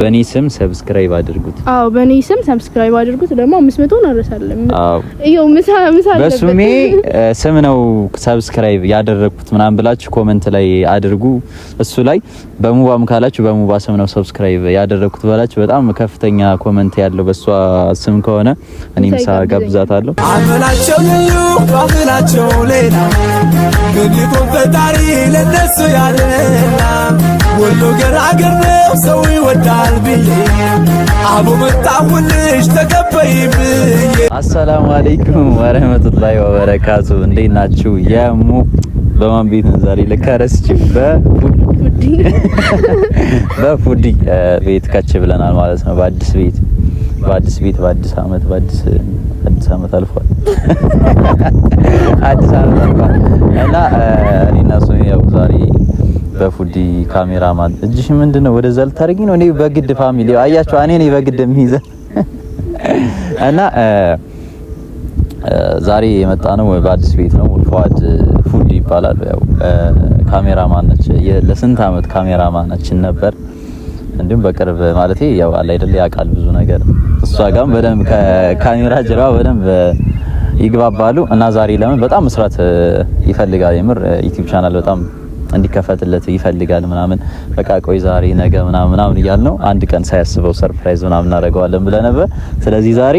በእኔ ስም ሰብስክራይብ አድርጉት። አዎ በእኔ ስም ሰብስክራይብ አድርጉት። ደግሞ 500 እናረሳለን። አዎ እዩ ምሳ ምሳ አለ በስሜ ስም ነው ሰብስክራይብ ያደረኩት ምናምን ብላችሁ ኮመንት ላይ አድርጉ። እሱ ላይ በሙባም ካላችሁ በሙባ ስም ነው ሰብስክራይብ ያደረኩት ብላችሁ በጣም ከፍተኛ ኮመንት ያለው በሷ ስም ከሆነ እኔ ምሳ ጋብዛታለሁ። ነው ልዩ ሌላ ግን ፈጣሪ ለነሱ ያለና ወሎ ገራገር ነው ሰው ይወዳል ብዬ አቦ መጣሁልሽ ተቀበይ ብዬ። አሰላሙ አለይኩም ወረህመቱላሂ ወበረካቱ። እንዴት ናችሁ? የሙ በማን ቤት ነው ዛሬ? ለካ ረስቼ በፉዲ በፉዲ ቤት ከች ብለናል ማለት ነው በአዲስ ቤት በአዲስ ቤት በአዲስ አመት በአዲስ አዲስ አመት አልፏል፣ አዲስ አመት አልፏል እና እኔና ሶኒ ያው ዛሬ በፉዲ ካሜራ ማን እጅሽ ምንድነው? ወደዛ ልታደርጊ ነው? እኔ በግድ ፋሚሊ አያችሁ፣ እኔ ነኝ በግድ የሚይዘ እና ዛሬ የመጣ ነው በአዲስ ቤት ነው። ፏድ ፉዲ ይባላል። ያው ካሜራማን ነች፣ ለስንት አመት ካሜራማን ነች ነበር እንዲሁም በቅርብ ማለት ያው አለ አይደል ያውቃል ብዙ ነገር እሷ ጋርም በደንብ ከካሜራ ጀርባ በደንብ ይግባባሉ እና ዛሬ ለምን በጣም መስራት ይፈልጋል። የምር ዩቲዩብ ቻናል በጣም እንዲከፈትለት ይፈልጋል ምናምን በቃ ቆይ ዛሬ ነገ ምናምን ምናምን እያል ነው። አንድ ቀን ሳያስበው ሰርፕራይዝ ምናምን እናደርገዋለን ብለህ ነበር። ስለዚህ ዛሬ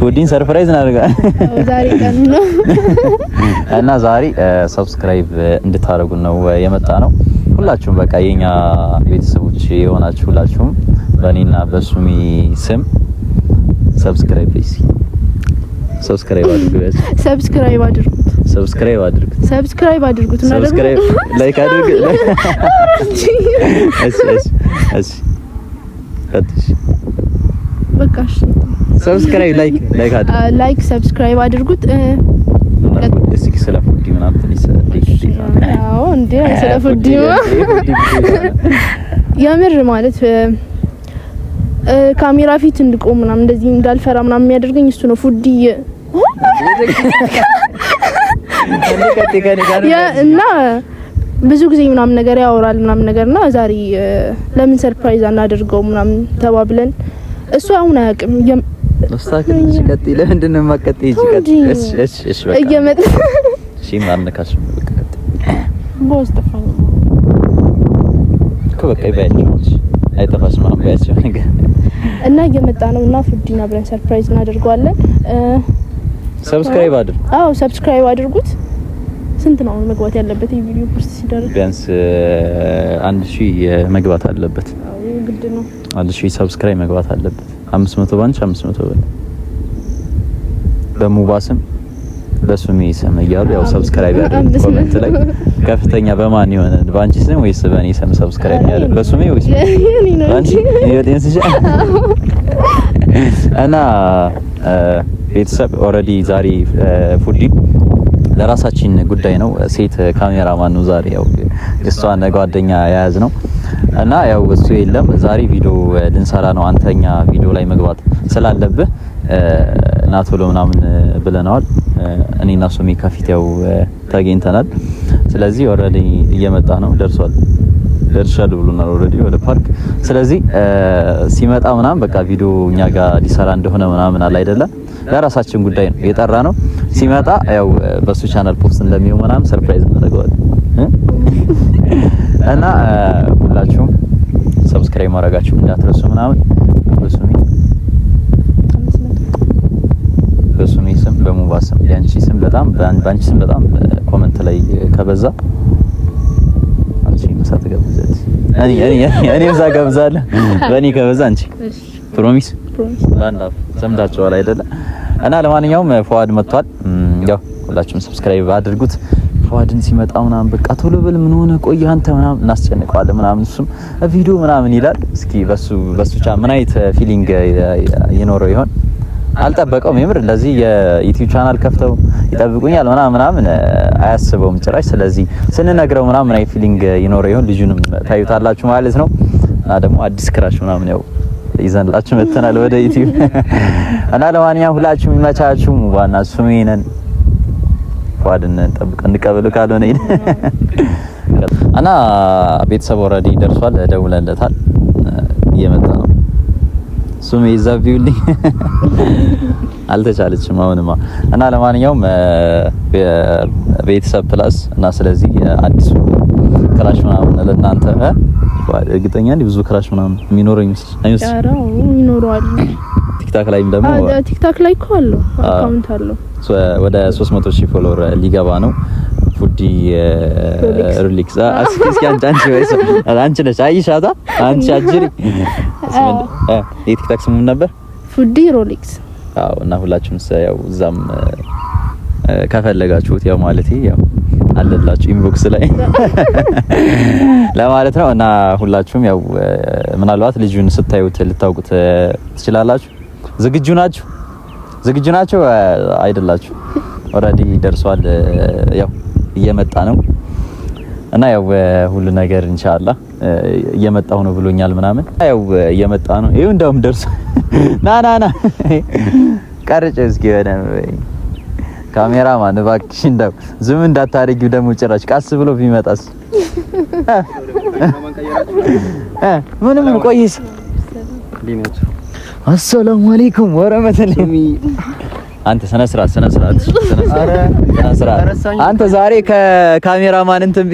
ፉዲን ሰርፕራይዝ እናደርጋለን ዛሬ ቀን ነው እና ዛሬ ሰብስክራይብ እንድታደርጉ ነው የመጣ ነው። ሁላችሁም በቃ የኛ ቤተሰቦች የሆናችሁ ሁላችሁም በእኔና በሱሚ ስም ሰብስክራይብ ፕሊዝ፣ ሰብስክራይብ አድርጉት፣ ሰብስክራይብ አድርጉት፣ ሰብስክራይብ አድርጉት፣ ሰብስክራይብ አድርጉት እና ደግሞ ላይክ አድርጉ። እሺ፣ እሺ፣ እሺ፣ ፈትሽ በቃ እሺ፣ ሰብስክራይብ ላይክ ላይክ አድርጉት፣ ላይክ ሰብስክራይብ አድርጉት። እስኪ ስለ ፉዲ ምናምን ትንሽ አዎ፣ እንዴ ስለ ፉዲ የምር ማለት ካሜራ ፊት እንድቆም ምናምን እንደዚህ እንዳልፈራ ምናምን የሚያደርገኝ እሱ ነው። ፉዲ እና ብዙ ጊዜ ምናምን ነገር ያወራል ምናምን ነገር እና ዛሬ ለምን ሰርፕራይዝ አናደርገው ምናምን ተባብለን እሱ አሁን አያውቅም እየመጣ አንቺም አነካሽም በቃ ቦስተፋኝ ከበቃ ይባያቸው አይጠፋሽም አባያቸው ነገር እና እየመጣ ነው እና ፉዲና ብለን ሰርፕራይዝ እናደርገዋለን። ሰብስክራይብ አድርጉ። አዎ ሰብስክራይብ አድርጉት። ስንት ነው መግባት ያለበት ይሄ ቪዲዮ ፖስት ሲደረግ? ቢያንስ አንድ ሺህ መግባት አለበት። አዎ ግድ ነው። አንድ ሺህ ሰብስክራይብ መግባት አለበት። 500 ባንች 500 ብር በሙባስም በሱሜ ይሰም እያሉ ያው ሰብስክራይብ ያደረጉ ኮሜንት ላይ ከፍተኛ በማን የሆነ በአንቺ ስም ወይስ በእኔ ስም ሰብስክራይብ ያደረጉ በሱሜ ወይስ በአንቺ እና ቤተሰብ ኦልሬዲ ዛሬ ፉዲ ለራሳችን ጉዳይ ነው። ሴት ካሜራማን ነው ዛሬ ያው እሷን ጓደኛ የያዝ ነው እና ያው እሱ የለም ዛሬ ቪዲዮ ልንሰራ ነው። አንተኛ ቪዲዮ ላይ መግባት ስላለብህ እና ቶሎ ምናምን ብለናል። እኔና ሱሜ ከፊት ያው ተገኝተናል። ስለዚህ ኦልሬዲ እየመጣ ነው፣ ደርሷል ደርሻል ብሎናል ኦልሬዲ ወደ ፓርክ። ስለዚህ ሲመጣ ምናምን በቃ ቪዲዮ እኛ ጋር ሊሰራ እንደሆነ ምናምን አለ አይደለም ለራሳችን ጉዳይ ነው የጠራ ነው። ሲመጣ ያው በሱ ቻናል ፖስት እንደሚሆን ምናምን ሰርፕራይዝ እናደርገዋለን እና ሁላችሁም ሰብስክራይብ ማድረጋችሁ እንዳትረሱ ምናምን በሙባ ስም ያንቺ ስም በጣም ባንቺ ስም በጣም ኮመንት ላይ ከበዛ አንቺ ምሳ ትጋብዛለች። እኔ እኔ እኔ ምሳ ገብዛለ በእኔ ከበዛ አንቺ ፕሮሚስ ፕሮሚስ ባንዳ ሰምታችኋል አይደለ? እና ለማንኛውም ፏድ መጥቷል። ያው ሁላችሁም ሰብስክራይብ አድርጉት። ፏድን ሲመጣ ምናምን በቃ ቶሎ በል ምን ሆነ ቆይ አንተ ምናምን እናስጨንቀዋለን ምናምን እሱም ቪዲዮ ምናምን ይላል። እስኪ በሱ በሱ ብቻ ምን አይነት ፊሊንግ ይኖረው ይሆን? አልጠበቀውም። የምር እንደዚህ የዩቲዩብ ቻናል ከፍተው ይጠብቁኛል ምናምን ምናምን አያስበውም ጭራሽ። ስለዚህ ስንነግረው ምናምን አይ ፊሊንግ ይኖረው ይሆን ልጁንም ታዩታላችሁ ማለት ነው። እና ደግሞ አዲስ ክራሽ ምናምን ያው ይዘንላችሁ መተናል ወደ ዩቲዩብ እና ለማንኛውም ሁላችሁም ይመቻችሁ። ዋና ሱሜነን ፏድን ጠብቀን እንቀበሉ ካልሆነ እና ቤተሰብ ኦልሬዲ ደርሷል፣ ደውለንለታል፣ እየመጣ ነው ፍጹም የዛ ቢውልኝ አልተቻለችም። አሁንማ እና ለማንኛውም ቤተሰብ ፕላስ እና ስለዚህ አዲሱ ክራሽ ምናምን ለእናንተ እርግጠኛ ብዙ ክራሽ ምናምን የሚኖረኝ ይኖረዋል። ቲክታክ ላይም ደግሞ ቲክታክ ላይ እኮ አለው አካውንት አለው ወደ 300 ሺህ ፎሎወር ሊገባ ነው። ፉዲ ሩሊክስ እስኪ እስኪ አንቺ አንቺ ወይስ አንቺ ነሽ? አይሻታ አንቺ አጅሪ የቲክታክ ስሙ ነበር ፉዲ ሩሊክስ። አዎ። እና ሁላችሁም ያው እዛም ከፈለጋችሁት ያው ማለት ያው አለላችሁ ኢንቦክስ ላይ ለማለት ነው። እና ሁላችሁም ያው ምናልባት ልጁን ስታዩት ልታውቁት ትችላላችሁ። ዝግጁ ናችሁ? ዝግጁ ናችሁ አይደላችሁ? ኦልሬዲ ደርሷል ያው እየመጣ ነው እና ያው ሁሉ ነገር ኢንሻአላ እየመጣሁ ነው ብሎኛል ምናምን ያው እየመጣ ነው። ይሄው እንደውም ደርሶ ና ና ና ቀርጬ እስኪ ወደ ካሜራማን እባክሽ እንደው ዝም እንዳታረጊው ደግሞ ጭራሽ ቃስ ብሎ ቢመጣስ ምንም ቆይስ አሰላሙ አለይኩም ወረመተላሂ አንተ ስነ ስርዓት ስነ ስርዓት ስነ ስርዓት አንተ ዛሬ ከካሜራማን እንትን ቢ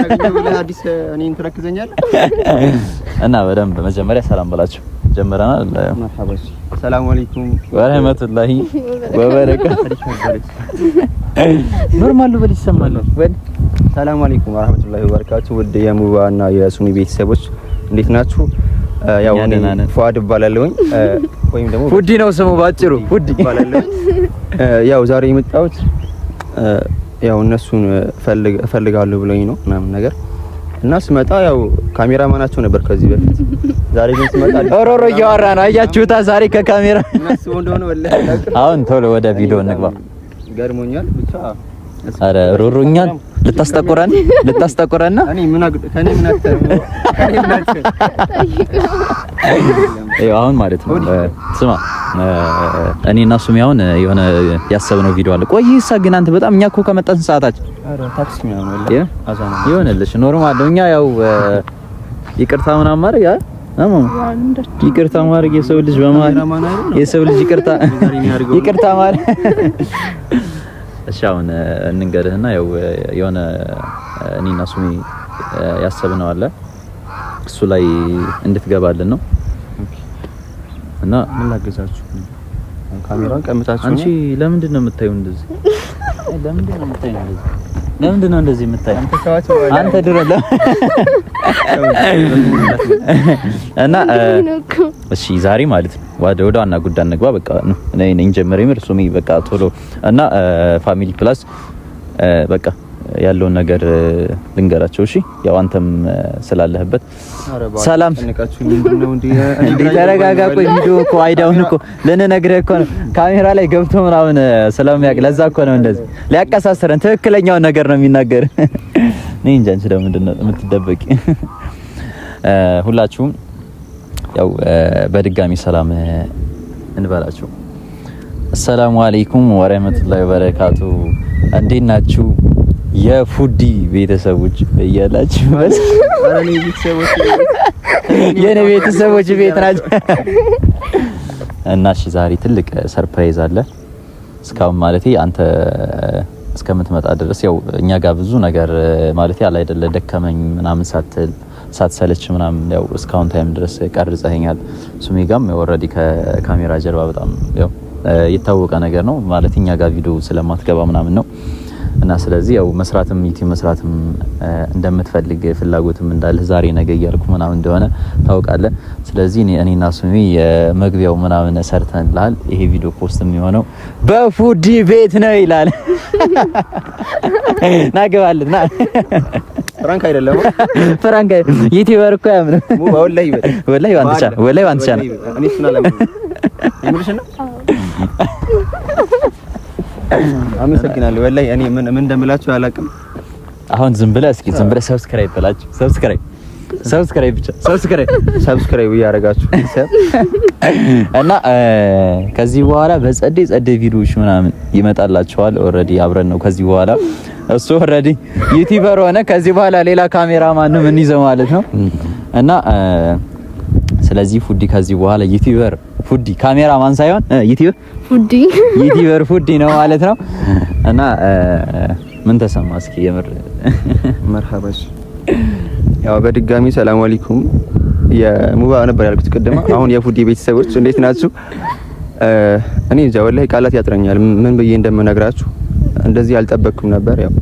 እና በደንብ መጀመሪያ ሰላም ብላችሁ ጀምረናል። መርሐባች ሰላም አለይኩም ወራህመቱላሂ ወበረካቱ። ኖርማል በል ይሰማል። ወበረካቱ። የሙባና የሱኒ ቤተሰቦች እንዴት ናችሁ? ያው እኔ ፏድ እባላለሁኝ ወይም ደግሞ ፉዲ ነው ስሙ ባጭሩ ፉዲ እባላለሁ። ያው ዛሬ የመጣሁት ያው እነሱን እፈልጋለሁ ብለኝ ነው ምናምን ነገር እና ስመጣ ያው ካሜራማናቸው ነበር ከዚህ በፊት። ዛሬ ግን ስመጣ ኦሮሮ እያወራ ነው። አያችሁታ ዛሬ ከካሜራ እነሱ እንደሆነ አሁን ቶሎ ወደ ቪዲዮ እንግባ። ገርሞኛል ብቻ አረ ሩሩኛ ልታስተቆረን ልታስተቆረን ነው። ምን አግጥ ከኔ ምን አግጥ አሁን ማለት ነው። ስማ እኔ እና ሱሚ አሁን የሆነ ያሰብነው ቪዲዮ አለ። ቆይ ይሳ ግን አንተ በጣም እኛ እኮ ከመጣን ሰዓታችን ይሆንልሽ ኖርማል። እኛ ያው ይቅርታ ምናምን ማድረግ ይቅርታ ማድረግ የሰው ልጅ በመሀል የሰው ልጅ ይቅርታ ይቅርታ ማድረግ እሺ አሁን እንንገርህና ያው የሆነ እኔና ሱሚ ያሰብነው አለ እሱ ላይ እንድትገባልን ነው። እና ምን ላገዛችሁ? ካሜራውን ቀምታችሁ አንቺ ለምንድን ነው የምታዩ እንደዚህ? ለምንድን ነው እንደዚህ? ለምንድን አንተ ድረ እና እሺ ዛሬ ማለት ነው ወደ ወደ ዋና ጉዳይ እንግባ። በቃ እኔ ነኝ ጀመረ ምርሱ በቃ ቶሎ እና ፋሚሊ ፕላስ በቃ ያለውን ነገር ልንገራቸው። እሺ ያው አንተም ስላለህበት ሰላም። ተረጋጋ። ቆይ ቪዲዮ እኮ አይዳውን እኮ ልንነግርህ እኮ ነው ካሜራ ላይ ገብቶ ምናምን ስለሚያውቅ ለዛ እኮ ነው እንደዚህ ሊያቀሳስረን ትክክለኛውን ነገር ነው የሚናገር። እኔ እንጃ አንቺ ደግሞ ነው የምትደበቂ? ሁላችሁም ያው በድጋሚ ሰላም እንበላችሁ። አሰላሙ አለይኩም ወራህመቱላሂ ወበረካቱ። እንዴት ናችሁ የፉዲ ቤተሰቦች እያላችሁ የኔ ቤተሰቦች ቤት ናቸው እና እሺ፣ ዛሬ ትልቅ ሰርፕራይዝ አለ። እስካሁን ማለቴ አንተ እስከምትመጣ ድረስ ያው እኛ ጋር ብዙ ነገር ማለት አለ አይደለ ደከመኝ ምናምን ሳትል ሳትሰለች ምናምን ያው እስካሁን ታይም ድረስ ቀርጸኸኛል። ሱሜጋም ኦልሬዲ ከካሜራ ጀርባ በጣም ያው የታወቀ ነገር ነው ማለት እኛ ጋር ቪዲዮ ስለማትገባ ምናምን ነው እና ስለዚህ ያው መስራትም ዩቲዩብ መስራትም እንደምትፈልግ ፍላጎትም እንዳለ ዛሬ ነገ እያልኩ ምናምን እንደሆነ ታውቃለህ። ስለዚህ እኔና ሱሜ የመግቢያው ምናምን ሰርተንልሃል። ይሄ ቪዲዮ ፖስት የሚሆነው በፉዲ ቤት ነው ይላል። ናገባለን ፍራንክ አይደለም። ፍራንክ ዩቲዩበር እኮ አያምንም። ወላሂ ወላሂ ባንተቻ ወላሂ ባንተቻ ነው። እኔ እሱን አመሰግናለሁ። ወላሂ እኔ ምን ምን እንደምላችሁ አላውቅም። አሁን ዝም ብለህ እስኪ ዝም ብለህ ሰብስክራይብ ብላችሁ ሰብስክራይብ ሰብስክራይብ ብቻ ሰብስክራይብ ሰብስክራይብ እያደረጋችሁ እና ከዚህ በኋላ በጸደይ ጸደይ ቪዲዮዎች ምናምን ይመጣላችኋል። ኦልሬዲ አብረን ነው ከዚህ በኋላ እሱ ኦልሬዲ ዩቲዩበር ሆነ። ከዚህ በኋላ ሌላ ካሜራ ማንም እንይዘው ማለት ነው እና ስለዚህ ፉዲ ከዚህ በኋላ ዩቲዩበር ፉዲ ካሜራ ማን ሳይሆን ዩቲዩበር ፉዲ ዩቲዩበር ፉዲ ነው ማለት ነው እና ምን ተሰማ እስኪ የምር ያው በድጋሚ ሰላም አለይኩም የሙባ ነበር ያልኩት ቅድማ አሁን የፉዲ ቤተሰቦች እንዴት ናችሁ እኔ እንጃ ወላሂ ቃላት ያጥረኛል ምን ብዬ እንደምነግራችሁ እንደዚህ አልጠበቅኩም ነበር። ያው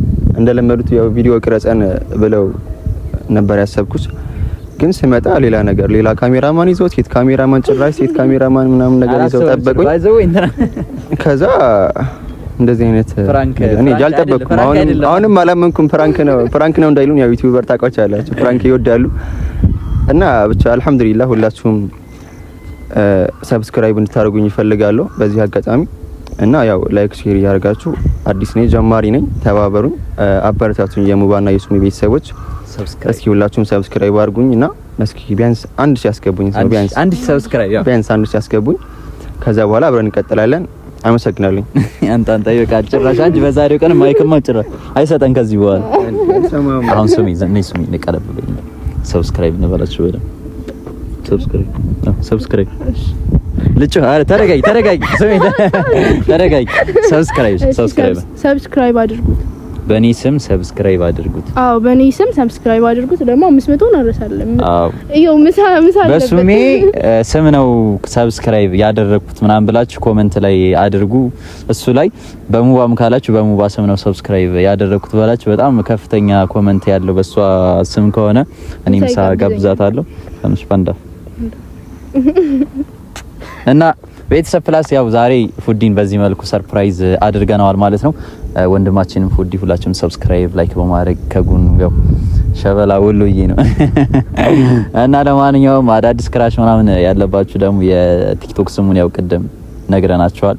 እንደለመዱት ያው ቪዲዮ ቅረጸን ብለው ነበር ያሰብኩት። ግን ስመጣ ሌላ ነገር ሌላ ካሜራማን ይዘው ሴት ካሜራማን ጭራሽ ሴት ካሜራማን ምናምን ነገር ይዘው ጠበቁኝ። ከዛ እንደዚህ አይነት እኔ አልጠበቅኩም። አሁንም አሁንም አላመንኩም። ፕራንክ ነው ፕራንክ ነው እንዳይሉን ያው ዩቲዩበር ታውቃቸው አላችሁ ፕራንክ ይወዳሉ እና ብቻ አልሐምዱሊላህ ሁላችሁም ሰብስክራይብ እንድታደርጉኝ ይፈልጋለሁ በዚህ አጋጣሚ እና ያው ላይክ ሼር እያደርጋችሁ አዲስ ነኝ፣ ጀማሪ ነኝ። ተባበሩኝ፣ አበረታቱኝ የሙባና የሱሚ ቤተሰቦች። እስኪ ሁላችሁም ሰብስክራይብ አድርጉኝ እና እስኪ ቢያንስ አንድ ሺህ አስገቡኝ። ቢያንስ አንድ ሺህ ሰብስክራይብ ቢያንስ አንድ ሺህ አስገቡኝ። ከዛ በኋላ አብረን እንቀጥላለን። አመሰግናለሁ። አንተ አንተ ይበቃ። ጭራሽ አንቺ በዛሬው ቀን ማይክም ጭራሽ አይሰጠን ከዚህ በኋላ። አሁን ሱሚ ዘኔ ሱሚ ንቀረብ ሰብስክራይብ ንበላችሁ በደምብ ሰብስክራይብ ሰብስክራይብ ልጩ አረ ተረጋጊ፣ ተረጋጊ፣ ስሜ ተረጋጊ። ሰብስክራይብ ሰብስክራይብ ሰብስክራይብ አድርጉት። በእኔ ስም ሰብስክራይብ አድርጉት። አዎ በእኔ ስም ሰብስክራይብ አድርጉት። ደግሞ 500 ነው አረሳለም አዎ እዩ ምሳ ምሳ አለበት። በስሜ ስም ነው ሰብስክራይብ ያደረኩት ምናምን ብላችሁ ኮመንት ላይ አድርጉ። እሱ ላይ በሙባም ካላችሁ በሙባ ስም ነው ሰብስክራይብ ያደረኩት ብላችሁ በጣም ከፍተኛ ኮመንት ያለው በሷ ስም ከሆነ እኔ ምሳ ጋብዛታለሁ። ተምሽ ባንዳ እና ቤተሰብ ፕላስ ያው ዛሬ ፉዲን በዚህ መልኩ ሰርፕራይዝ አድርገነዋል ማለት ነው። ወንድማችንም ፉዲ ሁላችሁም ሰብስክራይብ፣ ላይክ በማድረግ ከጉን ያው ሸበላ ወሎዬ ነው እና ለማንኛውም አዳዲስ ክራሽ ምናምን ያለባችሁ ደግሞ የቲክቶክ ስሙን ያው ቅድም ነግረናቸዋል።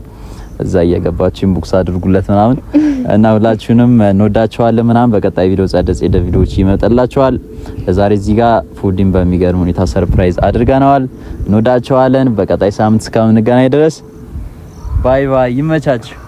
እዛ እየገባችሁ ቡክስ አድርጉለት ምናምን እና ሁላችሁንም እንወዳችኋለን ምናምን። በቀጣይ ቪዲዮ ጸደጽ የደ ቪዲዮዎች ይመጣላችኋል። ዛሬ እዚህ ጋር ፉዲን በሚገርም ሁኔታ ሰርፕራይዝ አድርገነዋል። እንወዳችኋለን። በቀጣይ ሳምንት እስከምንገናኝ ድረስ ባይ ባይ። ይመቻችሁ።